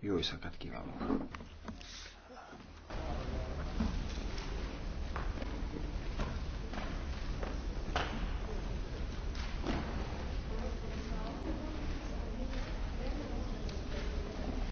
Jó éjszakát kívánok!